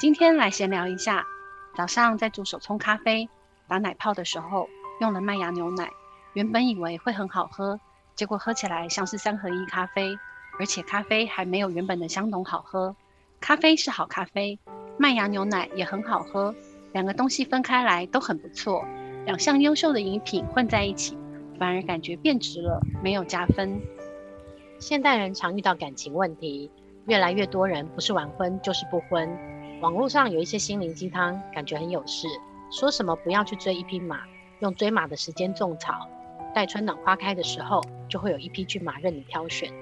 今天來閒聊一下，早上在煮手沖咖啡打奶泡的時候用了麥芽牛奶，原本以為會很好喝，結果喝起來像是三合一咖啡，而且咖啡還沒有原本的香濃好喝。咖啡是好咖啡，麥芽牛奶也很好喝，兩個東西分開來都很不錯，兩項優秀的飲品混在一起，反而感覺變質了，沒有加分。現代人常遇到感情問題，越來越多人不是晚婚就是不婚。網絡上有一些心靈雞湯，感覺很有事。說什麼不要去追一匹馬，用追馬的時間種草，待春暖花開的時候，就會有一匹駿馬任你挑選。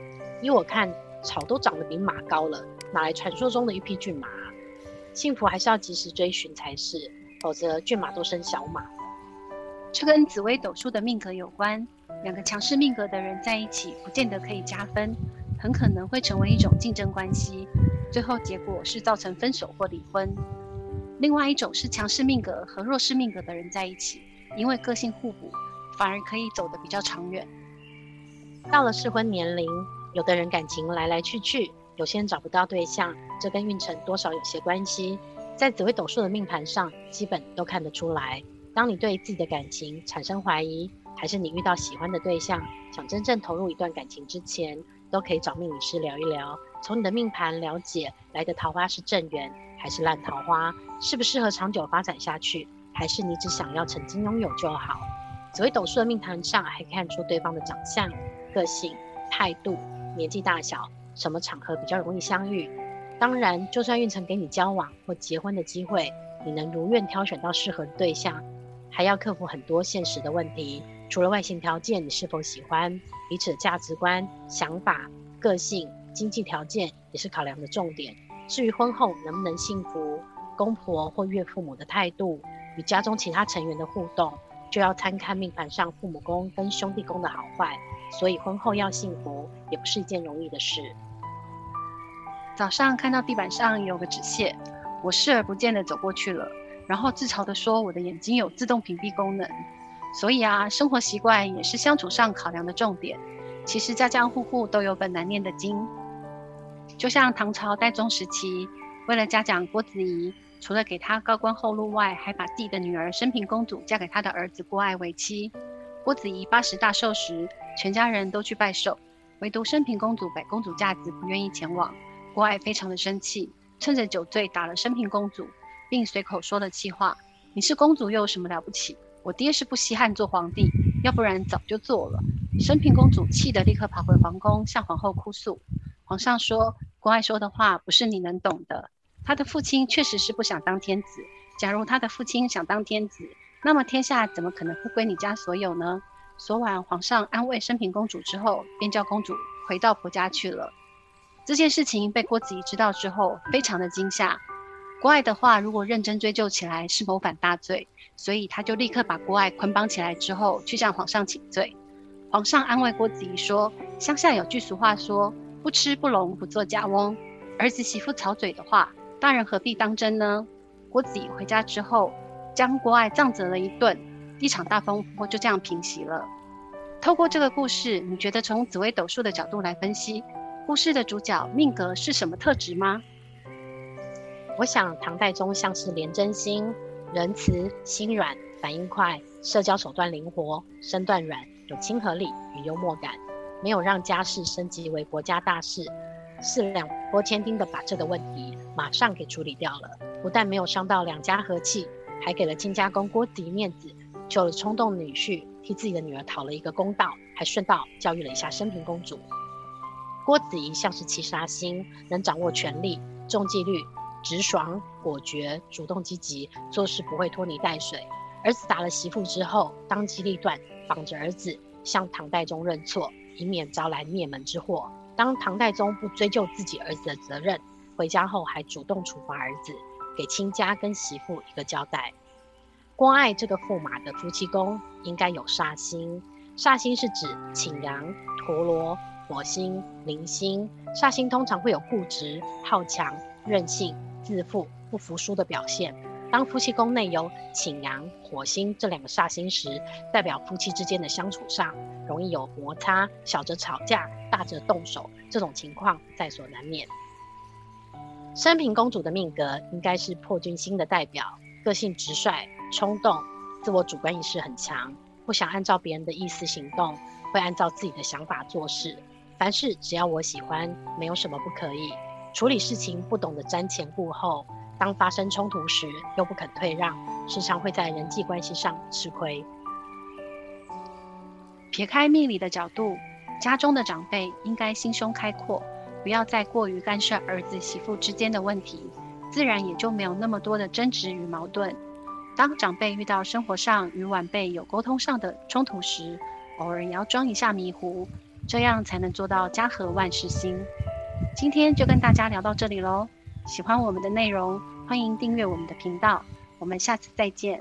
依我看，草都長得比馬高了，哪來傳說中的一匹駿馬啊？幸福還是要及時追尋才是，否則駿馬都生小馬了。這跟紫微斗數的命格有關，兩個強勢命格的人在一起，不見得可以加分。很可能會成為一種競爭關係，最後結果是造成分手或離婚。另外一種是強勢命格和弱勢命格的人在一起，因為個性互補，反而可以走得比較長遠。到了適婚年齡，有的人感情來來去去，有些人找不到對象，這跟運程多少有些關係，在紫微斗數的命盤上基本都看得出來。當你對自己的感情產生懷疑，還是你遇到喜歡的對象，想真正投入一段感情之前，都可以找命理師聊一聊，從你的命盤了解來的桃花是正緣還是爛桃花，適不適合長久發展下去，還是你只想要曾經擁有就好。紫微斗數的命盤上，還可以看出對方的長相、個性、態度、年紀大小、什麼場合比較容易相遇。當然，就算運程給你交往或結婚的機會，你能如願挑選到適合的對象，還要克服很多現實的問題。除了外形條件，你是否喜歡彼此的價值觀、想法、個性、經濟條件也是考量的重點。至於婚後能不能幸福，公婆或岳父母的態度與家中其他成員的互動，就要參看命盤上父母宮跟兄弟宮的好壞。所以婚後要幸福，也不是一件容易的事。早上看到地板上有個紙屑，我視而不見地走過去了，然後自嘲地說：“我的眼睛有自動屏蔽功能。”所以啊，生活習慣也是相處上考量的重點。其實家家戶戶都有本難念的經。就像唐朝代宗時期，為了嘉獎郭子儀，除了給他高官厚祿外，還把自己的女兒升平公主嫁給他的兒子郭曖為妻。郭子儀八十大壽時，全家人都去拜壽，唯獨升平公主擺公主架子，不願意前往。郭曖非常的生氣，趁着酒醉打了升平公主，並隨口說了氣話：“你是公主又有什麼了不起？”我爹是不稀罕做皇帝，要不然早就做了。升平公主氣得立刻跑回皇宮，向皇后哭訴。皇上說：“郭曖說的話不是你能懂的。他的父親確實是不想當天子。假如他的父親想當天子，那麼天下怎麼可能不歸你家所有呢？”昨晚皇上安慰升平公主之後，便叫公主回到婆家去了。這件事情被郭子儀知道之後，非常的驚嚇。郭曖的話，如果認真追究起來是謀反大罪，所以他就立刻把郭曖捆綁起來之後去向皇上請罪。皇上安慰郭子儀說：“鄉下有句俗話說，不痴不聾不做家翁。兒子媳婦吵嘴的話，大人何必當真呢？”郭子儀回家之後，將郭曖杖責了一頓，一場大風波就這樣平息了。透過這個故事，你覺得從紫微斗數的角度來分析，故事的主角命格是什麼特質嗎？我想，唐代宗像是廉貞星、仁慈、心軟、反應快、社交手段靈活、身段軟、有親和力與幽默感，沒有讓家事升級為國家大事，四兩撥千斤的把這個問題馬上給處理掉了。不但沒有傷到兩家和氣，還給了親家公郭子儀面子，救了衝動的女婿，替自己的女兒討了一個公道，還順道教育了一下升平公主。郭子儀像是七殺星，能掌握權力、重紀律。直爽果決、主動積極、做事不會拖泥帶水。兒子打了媳婦之後，當機立斷，綁着兒子向唐代宗認錯，以免招來滅門之禍。當唐代宗不追究自己兒子的責任，回家後還主動處罰兒子，給親家跟媳婦一個交代。關愛這個駙馬的夫妻宮應該有煞星，煞星是指擎羊、陀羅、火星、鈴星。煞星通常會有固執、好強、任性，自負、不服輸的表現。當夫妻宮內有擎羊、火星這兩個煞星時，代表夫妻之間的相處上容易有摩擦，小則吵架，大則動手，這種情況在所難免。升平公主的命格應該是破軍星的代表，個性直率、衝動，自我主觀意識很強，不想按照別人的意思行動，會按照自己的想法做事。凡事只要我喜歡，沒有什麼不可以。處理事情不懂得瞻前顧後，當發生衝突時又不肯退讓，時常會在人際關係上吃虧。撇開命理的角度，家中的長輩應該心胸開闊，不要再過於干涉兒子媳婦之間的問題，自然也就沒有那麼多的爭執與矛盾。當長輩遇到生活上與晚輩有溝通上的衝突時，偶爾也要裝一下迷糊，這樣才能做到家和萬事興。今天就跟大家聊到這裡嘍，喜歡我們的內容，歡迎訂閱我們的頻道，我們下次再見。